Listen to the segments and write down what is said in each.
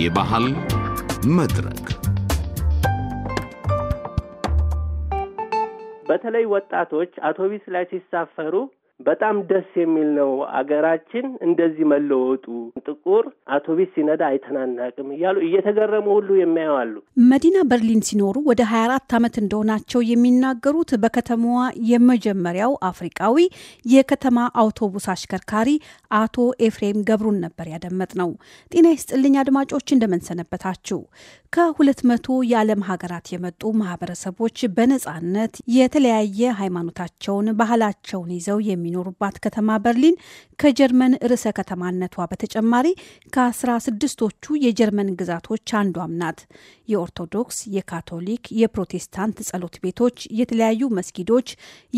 የባህል መድረክ በተለይ ወጣቶች አውቶቢስ ላይ ሲሳፈሩ በጣም ደስ የሚል ነው። አገራችን እንደዚህ መለወጡ ጥቁር አውቶቢስ ሲነዳ አይተናናቅም እያሉ እየተገረሙ ሁሉ የሚያዩ መዲና በርሊን ሲኖሩ ወደ ሀያ አራት ዓመት እንደሆናቸው የሚናገሩት በከተማዋ የመጀመሪያው አፍሪቃዊ የከተማ አውቶቡስ አሽከርካሪ አቶ ኤፍሬም ገብሩን ነበር ያደመጥ ነው። ጤና ይስጥልኝ አድማጮች እንደምንሰነበታችሁ። ከሁለት መቶ የዓለም ሀገራት የመጡ ማህበረሰቦች በነፃነት የተለያየ ሃይማኖታቸውን፣ ባህላቸውን ይዘው የሚኖሩባት ከተማ በርሊን ከጀርመን ርዕሰ ከተማነቷ በተጨማሪ ከአስራ ስድስቶቹ የጀርመን ግዛቶች አንዷም ናት። የኦርቶዶክስ፣ የካቶሊክ፣ የፕሮቴስታንት ጸሎት ቤቶች፣ የተለያዩ መስጊዶች፣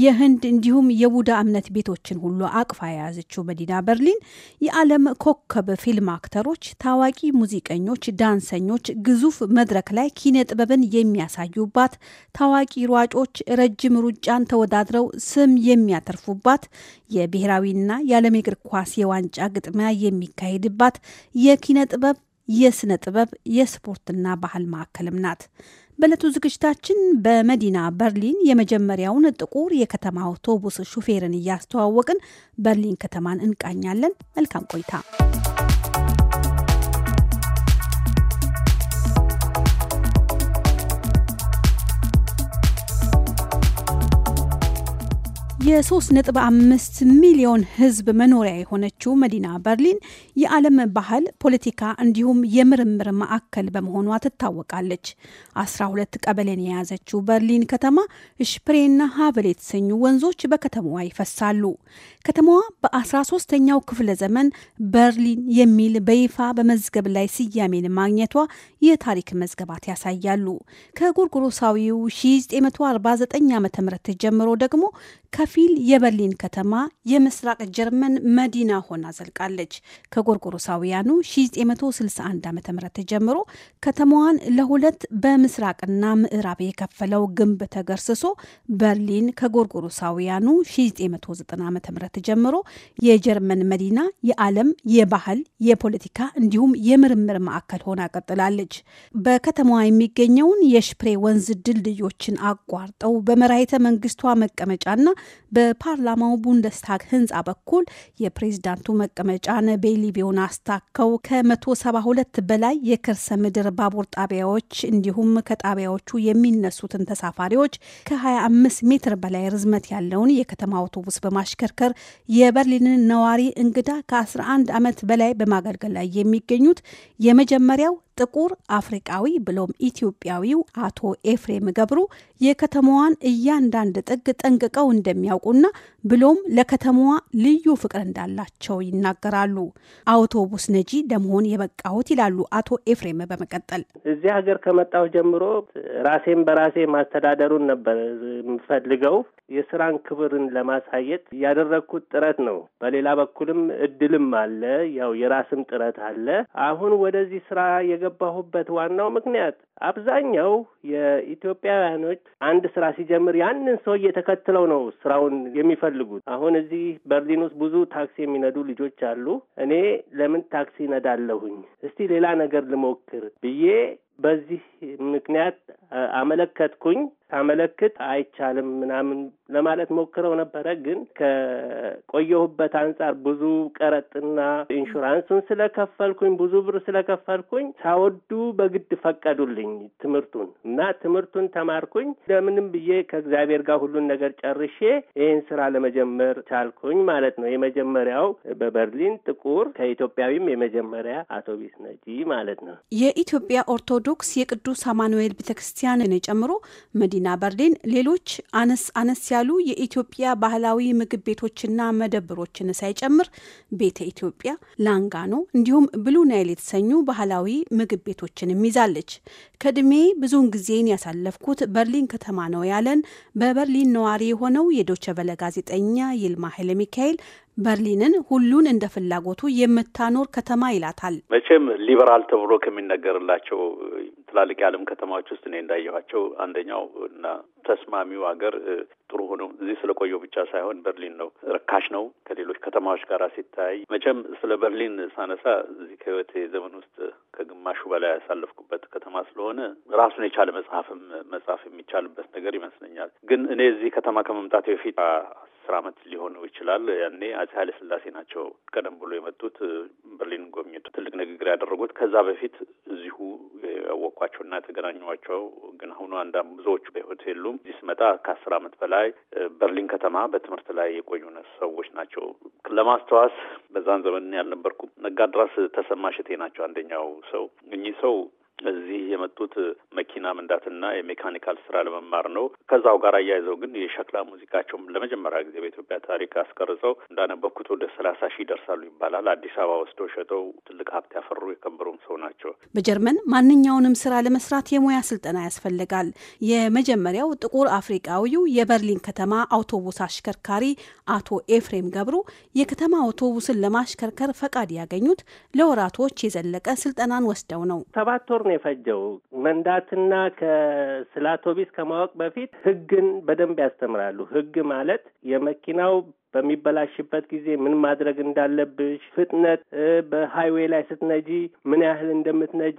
የህንድ እንዲሁም የቡዳ እምነት ቤቶችን ሁሉ አቅፋ የያዘችው መዲና በርሊን የዓለም ኮከብ ፊልም አክተሮች፣ ታዋቂ ሙዚቀኞች፣ ዳንሰኞች፣ ግዙፍ መድረክ ላይ ኪነ ጥበብን የሚያሳዩባት፣ ታዋቂ ሯጮች ረጅም ሩጫን ተወዳድረው ስም የሚያተርፉባት፣ የብሔራዊና የዓለም እግር ኳስ የዋንጫ ግጥሚያ የሚካሄድባት የኪነ ጥበብ የስነ ጥበብ የስፖርትና ባህል ማዕከልም ናት። በዕለቱ ዝግጅታችን በመዲና በርሊን የመጀመሪያውን ጥቁር የከተማ አውቶቡስ ሹፌርን እያስተዋወቅን በርሊን ከተማን እንቃኛለን። መልካም ቆይታ። የ3.5 ሚሊዮን ሕዝብ መኖሪያ የሆነችው መዲና በርሊን የዓለም ባህል፣ ፖለቲካ እንዲሁም የምርምር ማዕከል በመሆኗ ትታወቃለች። 12 ቀበሌን የያዘችው በርሊን ከተማ ሽፕሬና ሀቨል የተሰኙ ወንዞች በከተማዋ ይፈሳሉ። ከተማዋ በ13ኛው ክፍለ ዘመን በርሊን የሚል በይፋ በመዝገብ ላይ ስያሜን ማግኘቷ የታሪክ መዝገባት ያሳያሉ። ከጎርጎሮሳዊው 1949 ዓ ም ጀምሮ ደግሞ ከፊል የበርሊን ከተማ የምስራቅ ጀርመን መዲና ሆና ዘልቃለች። ከጎርጎሮሳውያኑ 1961 ዓ ም ጀምሮ ከተማዋን ለሁለት በምስራቅና ምዕራብ የከፈለው ግንብ ተገርስሶ በርሊን ከጎርጎሮሳውያኑ 1990 ዓ ም ጀምሮ የጀርመን መዲና የዓለም የባህል፣ የፖለቲካ እንዲሁም የምርምር ማዕከል ሆና ቀጥላለች። በከተማዋ የሚገኘውን የሽፕሬ ወንዝ ድልድዮችን አቋርጠው በመራሄተ መንግስቷ መቀመጫና በፓርላማው ቡንደስታግ ህንፃ በኩል የፕሬዝዳንቱ መቀመጫን ቤሊቪዮን አስታከው ከ172 በላይ የከርሰ ምድር ባቡር ጣቢያዎች እንዲሁም ከጣቢያዎቹ የሚነሱትን ተሳፋሪዎች ከ25 ሜትር በላይ ርዝመት ያለውን የከተማ አውቶቡስ በማሽከርከር የበርሊንን ነዋሪ እንግዳ ከ11 ዓመት በላይ በማገልገል ላይ የሚገኙት የመጀመሪያው ጥቁር አፍሪቃዊ ብሎም ኢትዮጵያዊው አቶ ኤፍሬም ገብሩ የከተማዋን እያንዳንድ ጥግ ጠንቅቀው እንደሚያውቁና ብሎም ለከተማዋ ልዩ ፍቅር እንዳላቸው ይናገራሉ። አውቶቡስ ነጂ ለመሆን የበቃሁት ይላሉ አቶ ኤፍሬም በመቀጠል እዚህ ሀገር ከመጣሁ ጀምሮ ራሴን በራሴ ማስተዳደሩን ነበር የምፈልገው። የስራን ክብርን ለማሳየት ያደረግኩት ጥረት ነው። በሌላ በኩልም እድልም አለ፣ ያው የራስም ጥረት አለ። አሁን ወደዚህ ስራ የገባሁበት ዋናው ምክንያት አብዛኛው የኢትዮጵያውያኖች አንድ ስራ ሲጀምር ያንን ሰውዬ ተከትለው ነው ስራውን የሚፈልጉት። አሁን እዚህ በርሊን ውስጥ ብዙ ታክሲ የሚነዱ ልጆች አሉ። እኔ ለምን ታክሲ ነዳለሁኝ? እስቲ ሌላ ነገር ልሞክር ብዬ በዚህ ምክንያት አመለከትኩኝ። ሳመለክት አይቻልም ምናምን ለማለት ሞክረው ነበረ። ግን ከቆየሁበት አንጻር ብዙ ቀረጥና ኢንሹራንሱን ስለከፈልኩኝ ብዙ ብር ስለከፈልኩኝ ሳወዱ በግድ ፈቀዱልኝ ትምህርቱን እና ትምህርቱን ተማርኩኝ። ለምንም ብዬ ከእግዚአብሔር ጋር ሁሉን ነገር ጨርሼ ይህን ስራ ለመጀመር ቻልኩኝ ማለት ነው። የመጀመሪያው በበርሊን ጥቁር ከኢትዮጵያዊም የመጀመሪያ አውቶቢስ ነጂ ማለት ነው። የኢትዮጵያ ኦርቶዶክስ የቅዱስ አማኑኤል ቤተ ጨምሮ መዲና በርሊን ሌሎች አነስ አነስ ያሉ የኢትዮጵያ ባህላዊ ምግብ ቤቶችና መደብሮችን ሳይጨምር ቤተ ኢትዮጵያ፣ ላንጋኖ እንዲሁም ብሉ ናይል የተሰኙ ባህላዊ ምግብ ቤቶችንም ይዛለች። ከእድሜ ብዙውን ጊዜ ጊዜን ያሳለፍኩት በርሊን ከተማ ነው ያለን በበርሊን ነዋሪ የሆነው የዶቸቨለ ጋዜጠኛ ይልማ ኃይለ ሚካኤል በርሊንን ሁሉን እንደ ፍላጎቱ የምታኖር ከተማ ይላታል። መቼም ሊበራል ተብሎ ከሚነገርላቸው ትላልቅ የዓለም ከተማዎች ውስጥ እኔ እንዳየኋቸው አንደኛው እና ተስማሚው ሀገር ጥሩ ሆኖ እዚህ ስለቆየው ብቻ ሳይሆን በርሊን ነው። ርካሽ ነው ከሌሎች ከተማዎች ጋር ሲታይ። መቼም ስለ በርሊን ሳነሳ እዚህ ከህይወቴ ዘመን ውስጥ ከግማሹ በላይ ያሳለፍኩበት ከተማ ስለሆነ ራሱን የቻለ መጽሐፍም መጽሐፍ የሚቻልበት ነገር ይመስለኛል። ግን እኔ እዚህ ከተማ ከመምጣት በፊት አስር ዓመት ሊሆኑ ይችላል። ያኔ አፄ ኃይለ ስላሴ ናቸው ቀደም ብሎ የመጡት በርሊን ጎብኝቱ ትልቅ ንግግር ያደረጉት። ከዛ በፊት እዚሁ ያወቅኳቸውና የተገናኘኋቸው ግን አሁኑ አንዳም ብዙዎቹ በሕይወት የሉም። እዚህ ስመጣ ከአስር አመት በላይ በርሊን ከተማ በትምህርት ላይ የቆዩ ሰዎች ናቸው። ለማስተዋስ በዛን ዘመን ያልነበርኩ ነጋድራስ ተሰማ እሸቴ ናቸው አንደኛው ሰው እኚህ ሰው እዚህ የመጡት መኪና መንዳትና የሜካኒካል ስራ ለመማር ነው። ከዛው ጋር አያይዘው ግን የሸክላ ሙዚቃቸውም ለመጀመሪያ ጊዜ በኢትዮጵያ ታሪክ አስቀርጸው እንዳነበኩት ወደ ሰላሳ ሺህ ይደርሳሉ ይባላል። አዲስ አበባ ወስደው ሸጠው ትልቅ ሀብት ያፈሩ የከበሩም ሰው ናቸው። በጀርመን ማንኛውንም ስራ ለመስራት የሙያ ስልጠና ያስፈልጋል። የመጀመሪያው ጥቁር አፍሪቃዊው የበርሊን ከተማ አውቶቡስ አሽከርካሪ አቶ ኤፍሬም ገብሩ የከተማ አውቶቡስን ለማሽከርከር ፈቃድ ያገኙት ለወራቶች የዘለቀ ስልጠናን ወስደው ነው። ሰባት ወር ነው የፈጀው። መንዳትና ከስለ አውቶቢስ ከማወቅ በፊት ህግን በደንብ ያስተምራሉ። ህግ ማለት የመኪናው በሚበላሽበት ጊዜ ምን ማድረግ እንዳለብሽ፣ ፍጥነት በሃይዌይ ላይ ስትነጂ ምን ያህል እንደምትነጂ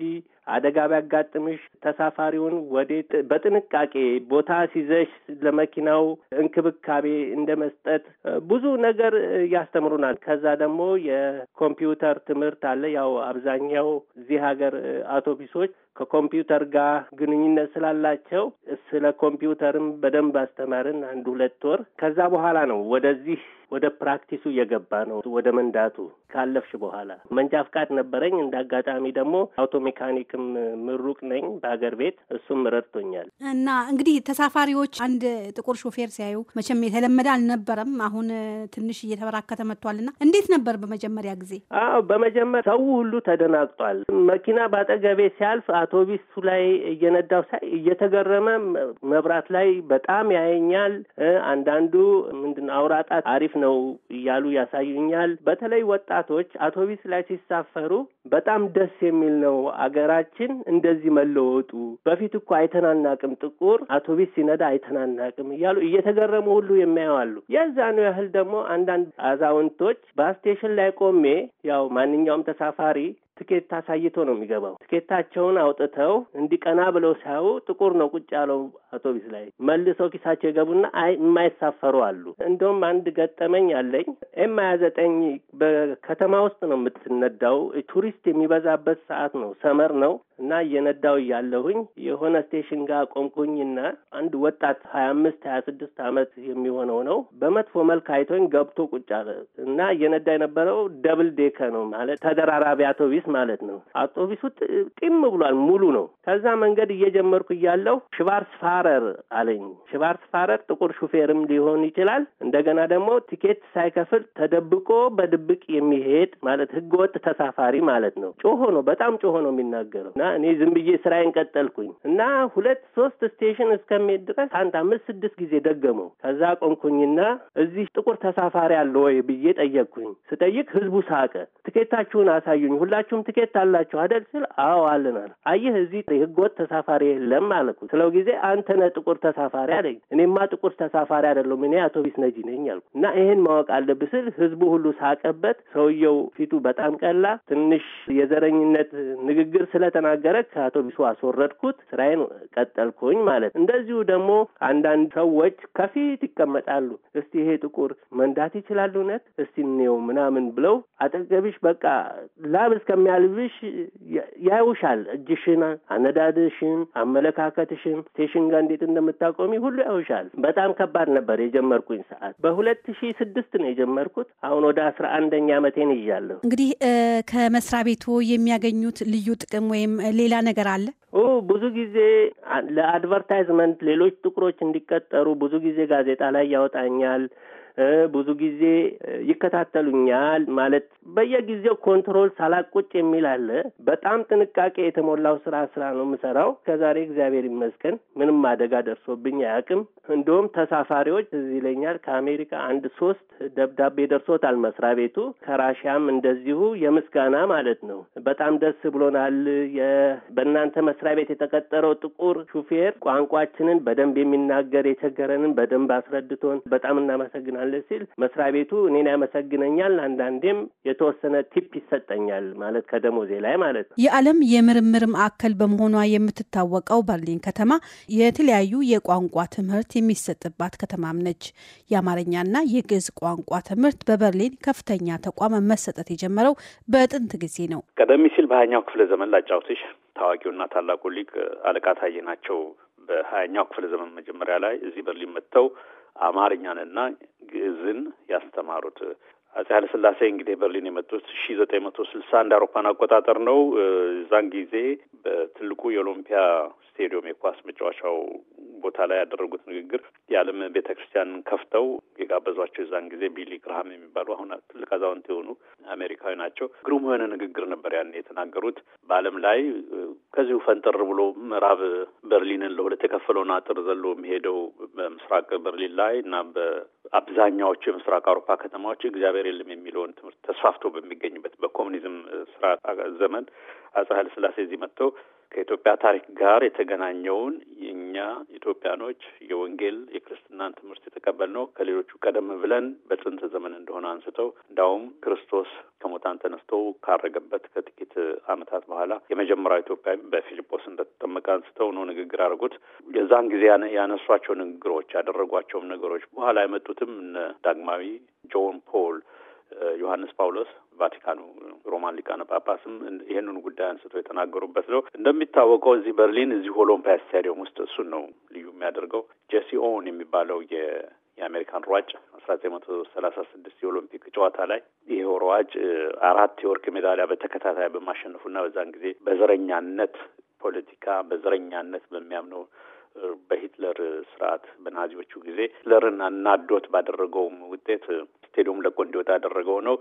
አደጋ ቢያጋጥምሽ ተሳፋሪውን ወዴት በጥንቃቄ ቦታ ሲዘሽ ለመኪናው እንክብካቤ እንደ መስጠት ብዙ ነገር ያስተምሩናል። ከዛ ደግሞ የኮምፒውተር ትምህርት አለ። ያው አብዛኛው እዚህ ሀገር አውቶቢሶች ከኮምፒውተር ጋር ግንኙነት ስላላቸው ስለ ኮምፒውተርም በደንብ አስተማርን አንድ ሁለት ወር። ከዛ በኋላ ነው ወደዚህ ወደ ፕራክቲሱ እየገባ ነው። ወደ መንዳቱ ካለፍሽ በኋላ መንጃ ፍቃድ ነበረኝ። እንደ አጋጣሚ ደግሞ አውቶ ሜካኒክም ምሩቅ ነኝ በሀገር ቤት፣ እሱም ረድቶኛል። እና እንግዲህ ተሳፋሪዎች አንድ ጥቁር ሾፌር ሲያዩ መቼም የተለመደ አልነበረም። አሁን ትንሽ እየተበራከተ መጥቷልና እንዴት ነበር በመጀመሪያ ጊዜ? አዎ በመጀመር ሰው ሁሉ ተደናግጧል። መኪና ባጠገቤ ሲያልፍ አውቶቢሱ ላይ እየነዳው ሳይ እየተገረመ መብራት ላይ በጣም ያየኛል። አንዳንዱ ምንድን አውራጣት አሪፍ ነው እያሉ ያሳዩኛል። በተለይ ወጣቶች አውቶቢስ ላይ ሲሳፈሩ በጣም ደስ የሚል ነው። አገራችን እንደዚህ መለወጡ በፊት እኮ አይተናናቅም፣ ጥቁር አውቶቢስ ሲነዳ አይተናናቅም እያሉ እየተገረሙ ሁሉ የሚያዋሉ የዛኑ ያህል ደግሞ አንዳንድ አዛውንቶች ባስቴሽን ላይ ቆሜ ያው ማንኛውም ተሳፋሪ ትኬት አሳይቶ ነው የሚገባው። ትኬታቸውን አውጥተው እንዲቀና ብለው ሲያዩ ጥቁር ነው ቁጭ ያለው አውቶቢስ ላይ መልሰው ኪሳቸው የገቡና አይ የማይሳፈሩ አሉ። እንደውም አንድ ገጠመኝ አለኝ። ኤም ሀያ ዘጠኝ በከተማ ውስጥ ነው የምትነዳው። ቱሪስት የሚበዛበት ሰዓት ነው፣ ሰመር ነው። እና እየነዳው እያለሁኝ የሆነ ስቴሽን ጋር ቆምኩኝና አንድ ወጣት ሀያ አምስት ሀያ ስድስት አመት የሚሆነው ነው በመጥፎ መልክ አይቶኝ ገብቶ ቁጭ አለ እና እየነዳ የነበረው ደብል ዴከ ነው ማለት ተደራራቢ አውቶቢስ ማለት ነው። አውቶቢሱ ጢም ብሏል፣ ሙሉ ነው። ከዛ መንገድ እየጀመርኩ እያለሁ ሽቫርስ ፋረር አለኝ። ሽቫርስ ፋረር ጥቁር ሹፌርም ሊሆን ይችላል። እንደገና ደግሞ ቲኬት ሳይከፍል ተደብቆ በድብቅ የሚሄድ ማለት ህገወጥ ተሳፋሪ ማለት ነው። ጮሆ ነው፣ በጣም ጮሆ ነው የሚናገረው እኔ ዝም ብዬ ስራዬን ቀጠልኩኝ እና ሁለት ሶስት ስቴሽን እስከሚሄድ ድረስ አንድ አምስት ስድስት ጊዜ ደገመው። ከዛ ቆምኩኝና እዚህ ጥቁር ተሳፋሪ አለ ወይ ብዬ ጠየቅኩኝ። ስጠይቅ ህዝቡ ሳቀ። ትኬታችሁን አሳዩኝ፣ ሁላችሁም ትኬት አላችሁ አደል ስል አዎ አለናል። አየህ እዚህ ህገወጥ ተሳፋሪ የለም አልኩት። ስለው ጊዜ አንተ ነህ ጥቁር ተሳፋሪ አለኝ። እኔማ ጥቁር ተሳፋሪ አይደለሁም እኔ አውቶቢስ ነጂ ነኝ አልኩ እና ይሄን ማወቅ አለብህ ስል ህዝቡ ሁሉ ሳቀበት። ሰውየው ፊቱ በጣም ቀላ። ትንሽ የዘረኝነት ንግግር ስለተናገ ከተነጋገረ ከአቶ ቢሶ አስወረድኩት፣ ስራዬን ቀጠልኩኝ ማለት። እንደዚሁ ደግሞ አንዳንድ ሰዎች ከፊት ይቀመጣሉ። እስቲ ይሄ ጥቁር መንዳት ይችላል እውነት? እስቲ እንየው ምናምን ብለው አጠገብሽ በቃ ላብ እስከሚያልብሽ ያዩሻል። እጅሽን፣ አነዳድሽን፣ አመለካከትሽን፣ ስቴሽን ጋር እንዴት እንደምታቆሚ ሁሉ ያዩሻል። በጣም ከባድ ነበር የጀመርኩኝ ሰዓት። በሁለት ሺ ስድስት ነው የጀመርኩት። አሁን ወደ አስራ አንደኛ አመቴን ይዣለሁ። እንግዲህ ከመስሪያ ቤቱ የሚያገኙት ልዩ ጥቅም ወይም ሌላ ነገር አለ። ብዙ ጊዜ ለአድቨርታይዝመንት ሌሎች ጥቁሮች እንዲቀጠሩ ብዙ ጊዜ ጋዜጣ ላይ ያወጣኛል። ብዙ ጊዜ ይከታተሉኛል ማለት በየጊዜው ኮንትሮል ሳላቁጭ የሚል አለ። በጣም ጥንቃቄ የተሞላው ስራ ስራ ነው የምሰራው። ከዛሬ እግዚአብሔር ይመስገን ምንም አደጋ ደርሶብኝ አያውቅም። እንዲሁም ተሳፋሪዎች እዚህ ይለኛል ከአሜሪካ አንድ ሶስት ደብዳቤ ደርሶታል መስሪያ ቤቱ ከራሽያም እንደዚሁ የምስጋና ማለት ነው። በጣም ደስ ብሎናል። በእናንተ መስሪያ ቤት የተቀጠረው ጥቁር ሹፌር ቋንቋችንን በደንብ የሚናገር የቸገረንን በደንብ አስረድቶን በጣም እናመሰግናል ሲል መስሪያ ቤቱ እኔን ያመሰግነኛል። አንዳንዴም የተወሰነ ቲፕ ይሰጠኛል ማለት ከደሞዜ ላይ ማለት ነው። የዓለም የምርምር ማዕከል በመሆኗ የምትታወቀው በርሊን ከተማ የተለያዩ የቋንቋ ትምህርት የሚሰጥባት ከተማም ነች። የአማርኛና የግዕዝ ቋንቋ ትምህርት በበርሊን ከፍተኛ ተቋም መሰጠት የጀመረው በጥንት ጊዜ ነው። ቀደም ሲል በሀያኛው ክፍለ ዘመን ላጫውትሽ። ታዋቂውና ታላቁ ሊቅ አለቃ ታዬ ናቸው። በሀያኛው ክፍለ ዘመን መጀመሪያ ላይ እዚህ በርሊን መጥተው አማርኛንና ግዕዝን ያስተማሩት አጼ ስላሴ እንግዲህ በርሊን የመጡት ሺ ዘጠኝ መቶ ስልሳ እንደ አውሮፓን አቆጣጠር ነው። እዛን ጊዜ በትልቁ የኦሎምፒያ ስቴዲየም የኳስ መጫወቻው ቦታ ላይ ያደረጉት ንግግር የዓለም ቤተ ክርስቲያን ከፍተው የጋበዟቸው የዛን ጊዜ ቢሊ ግርሃም የሚባሉ አሁን ትልቅ አዛውንት የሆኑ አሜሪካዊ ናቸው። ግሩም የሆነ ንግግር ነበር ያን የተናገሩት። በዓለም ላይ ከዚሁ ፈንጠር ብሎ ምዕራብ በርሊንን ለሁለት የከፈለውን አጥር ዘሎ የሚሄደው በምስራቅ በርሊን ላይ እና አብዛኛዎቹ የምስራቅ አውሮፓ ከተማዎች እግዚአብሔር የለም የሚለውን ትምህርት ተስፋፍቶ በሚገኝበት በኮሚኒዝም ስርዓት ዘመን አጼ ኃይለ ሥላሴ እዚህ መጥተው ከኢትዮጵያ ታሪክ ጋር የተገናኘውን የእኛ ኢትዮጵያኖች የወንጌል የክርስትናን ትምህርት የተቀበልነው ከሌሎቹ ቀደም ብለን በጥንት ዘመን እንደሆነ አንስተው እንዳውም ክርስቶስ ከሞታን ተነስቶ ካረገበት ከጥቂት ዓመታት በኋላ የመጀመሪያው ኢትዮጵያ በፊልጶስ እንደተጠመቀ አንስተው ነው ንግግር አድርጉት። የዛን ጊዜ ያነሷቸው ንግግሮች ያደረጓቸውም ነገሮች በኋላ የመጡትም እነ ዳግማዊ ጆን ፖል ዮሐንስ ጳውሎስ ቫቲካኑ ሮማን ሊቃነ ጳጳስም ይህንን ጉዳይ አንስቶ የተናገሩበት ነው። እንደሚታወቀው እዚህ በርሊን እዚህ ኦሎምፒያ ስታዲየም ውስጥ እሱን ነው ልዩ የሚያደርገው ጄሲ ኦውን የሚባለው የ የአሜሪካን ሯጭ አስራ ዘጠኝ መቶ ሰላሳ ስድስት የኦሎምፒክ ጨዋታ ላይ ይሄው ሯጭ አራት የወርቅ ሜዳሊያ በተከታታይ በማሸነፉና በዛን ጊዜ በዘረኛነት ፖለቲካ በዘረኛነት በሚያምነው በሂትለር ስርዓት በናዚዎቹ ጊዜ ሂትለርን አናዶት ባደረገውም ውጤት ስቴዲየም ለቆ እንዲወጣ ያደረገው ነው።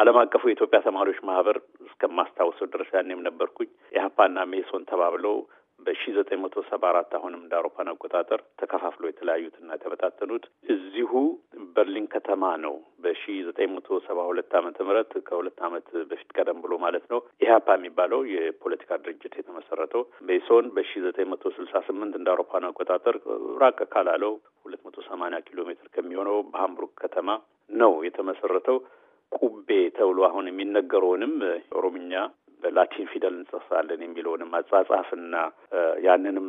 ዓለም አቀፉ የኢትዮጵያ ተማሪዎች ማህበር እስከማስታውሰው ድረስ ያኔም ነበርኩኝ ኢህአፓና ሜሶን ተባብለው በሺ ሰባ አራት አሁንም እንደ አውሮፓን አቆጣጠር ተከፋፍሎ የተለያዩትና የተበታተኑት እዚሁ በርሊን ከተማ ነው ሰባ ሁለት ዓመተ ምህረት ከሁለት ዓመት በፊት ቀደም ብሎ ማለት ነው ኢህአፓ የሚባለው የፖለቲካ ድርጅት የተመሰረተው ቤሶን ስልሳ ስምንት እንደ አውሮፓን አቆጣጠር ራቅ ካላለው ሰማኒያ ኪሎ ሜትር ከሚሆነው በሀምቡርግ ከተማ ነው የተመሰረተው። ቁቤ ተብሎ አሁን የሚነገረውንም ኦሮምኛ ላቲን ፊደል እንጽፋለን የሚለውንም አጻጻፍና ያንንም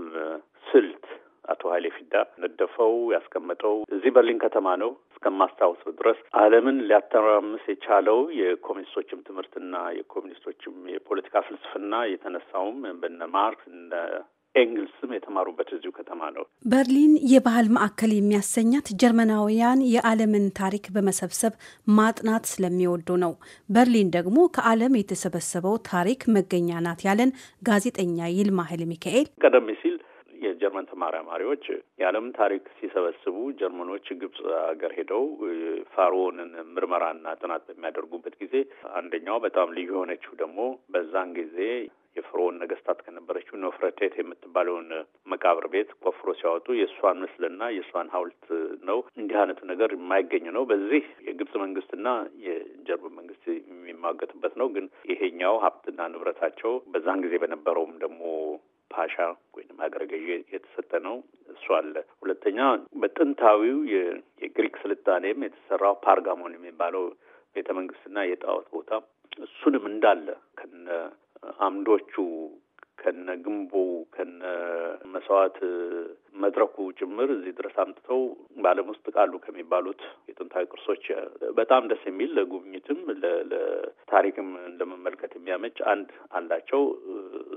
ስልት አቶ ኃይሌ ፊዳ ነደፈው ያስቀመጠው እዚህ በርሊን ከተማ ነው። እስከማስታወስ ድረስ ዓለምን ሊያተራምስ የቻለው የኮሚኒስቶችም ትምህርትና የኮሚኒስቶችም የፖለቲካ ፍልስፍና የተነሳውም በነ ማርክስ እነ ኤንግልስም የተማሩበት እዚሁ ከተማ ነው። በርሊን የባህል ማዕከል የሚያሰኛት ጀርመናውያን የዓለምን ታሪክ በመሰብሰብ ማጥናት ስለሚወዱ ነው። በርሊን ደግሞ ከዓለም የተሰበሰበው ታሪክ መገኛ ናት ያለን ጋዜጠኛ ይልማ ኃይለ ሚካኤል ቀደም ሲል የጀርመን ተማራማሪዎች የዓለም ታሪክ ሲሰበስቡ ጀርመኖች ግብጽ ሀገር ሄደው ፋርዎንን ምርመራና ጥናት በሚያደርጉበት ጊዜ አንደኛው በጣም ልዩ የሆነችው ደግሞ በዛን ጊዜ የፍርዖን ነገስታት ከነበረችው ኖፍረቴት የምትባለውን መቃብር ቤት ቆፍሮ ሲያወጡ የእሷን ምስልና የእሷን ሀውልት ነው። እንዲህ አይነቱ ነገር የማይገኝ ነው። በዚህ የግብጽ መንግስትና የጀርመን መንግስት የሚማገጥበት ነው። ግን ይሄኛው ሀብትና ንብረታቸው በዛን ጊዜ በነበረውም ደግሞ ፓሻ ወይም ሀገረ ገዢ የተሰጠ ነው። እሱ አለ። ሁለተኛ በጥንታዊው የግሪክ ስልጣኔም የተሰራው ፓርጋሞን የሚባለው ቤተ መንግስትና የጣዖት ቦታ እሱንም እንዳለ ከነ አምዶቹ ከነ ግንቡ ከነ መስዋዕት መድረኩ ጭምር እዚህ ድረስ አምጥተው በዓለም ውስጥ ቃሉ ከሚባሉት የጥንታዊ ቅርሶች በጣም ደስ የሚል ለጉብኝትም ለታሪክም ለመመልከት የሚያመች አንድ አላቸው።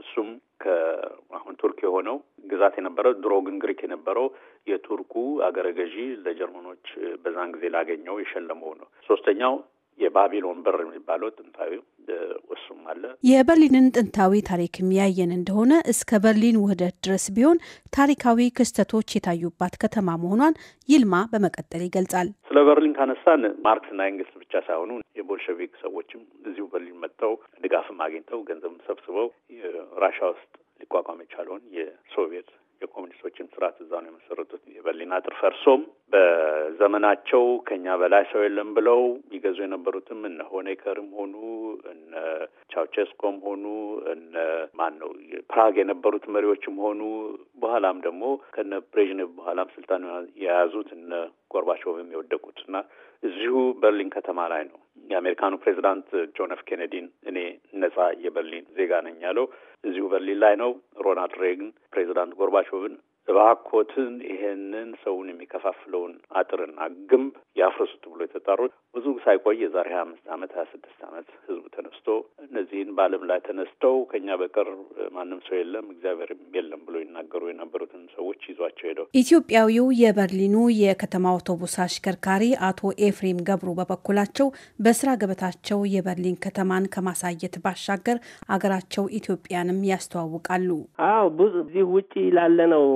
እሱም ከአሁን ቱርክ የሆነው ግዛት የነበረ ድሮ ግን ግሪክ የነበረው የቱርኩ አገረ ገዢ ለጀርመኖች በዛን ጊዜ ላገኘው የሸለመው ነው። ሶስተኛው የባቢሎን በር የሚባለው የበርሊንን ጥንታዊ ታሪክ የሚያየን እንደሆነ እስከ በርሊን ውህደት ድረስ ቢሆን ታሪካዊ ክስተቶች የታዩባት ከተማ መሆኗን ይልማ በመቀጠል ይገልጻል። ስለ በርሊን ካነሳን ማርክስና ኤንግልስ ብቻ ሳይሆኑ የቦልሸቪክ ሰዎችም እዚሁ በርሊን መጥተው ድጋፍም አግኝተው ገንዘብም ሰብስበው ራሻ ውስጥ ሊቋቋም የቻለውን የሶቪየት የኮሚኒስቶችን ስርዓት እዛ ነው የመሰረቱት። የበርሊን አጥር ፈርሶም በዘመናቸው ከኛ በላይ ሰው የለም ብለው ይገዙ የነበሩትም እነ ሆኔከርም ሆኑ እነ ቻውቼስኮም ሆኑ እነ ማን ነው ፕራግ የነበሩት መሪዎችም ሆኑ በኋላም ደግሞ ከነ ብሬዥኔቭ በኋላም ስልጣን የያዙት እነ ጎርባቾቭም የወደቁት እና እዚሁ በርሊን ከተማ ላይ ነው የአሜሪካኑ ፕሬዚዳንት ጆን ኤፍ ኬኔዲን እኔ ነጻ የበርሊን ዜጋ ነኝ ያለው እዚሁ በርሊን ላይ ነው ሮናልድ ሬግን ፕሬዚዳንት ጎርባቾቭን እባኮትን ይሄንን ሰውን የሚከፋፍለውን አጥርና ግንብ ያፍርሱት ብሎ የተጣሩ ብዙ ሳይቆይ የዛሬ ሀያ አምስት ዓመት ሀያ ስድስት ዓመት ህዝቡ ተነስቶ እነዚህን በዓለም ላይ ተነስተው ከኛ በቀር ማንም ሰው የለም እግዚአብሔርም የለም ብሎ ይናገሩ የነበሩትን ሰዎች ይዟቸው ሄደው። ኢትዮጵያዊው የበርሊኑ የከተማ አውቶቡስ አሽከርካሪ አቶ ኤፍሬም ገብሩ በበኩላቸው በስራ ገበታቸው የበርሊን ከተማን ከማሳየት ባሻገር አገራቸው ኢትዮጵያንም ያስተዋውቃሉ። አዎ ብዙ እዚህ ውጭ ላለ ነው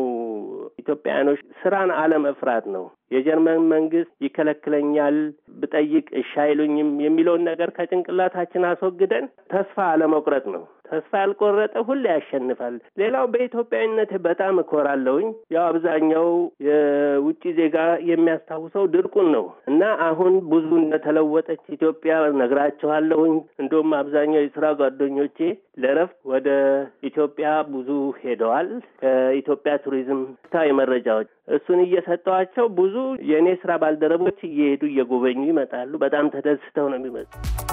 ኢትዮጵያውያኖች ስራን አለመፍራት ነው። የጀርመን መንግስት ይከለክለኛል ብጠይቅ እሺ አይሉኝም የሚለውን ነገር ከጭንቅላታችን አስወግደን ተስፋ አለመቁረጥ ነው። ተስፋ ያልቆረጠ ሁሌ ያሸንፋል። ሌላው በኢትዮጵያዊነት በጣም እኮራለሁኝ። ያው አብዛኛው ውጭ ዜጋ የሚያስታውሰው ድርቁን ነው እና አሁን ብዙ እንደተለወጠች ኢትዮጵያ ነግራችኋለሁኝ። እንደውም አብዛኛው የስራ ጓደኞቼ ለረፍት ወደ ኢትዮጵያ ብዙ ሄደዋል። ከኢትዮጵያ ቱሪዝም ታዊ መረጃዎች እሱን እየሰጠዋቸው ብዙ የእኔ ስራ ባልደረቦች እየሄዱ እየጎበኙ ይመጣሉ። በጣም ተደስተው ነው የሚመጡ።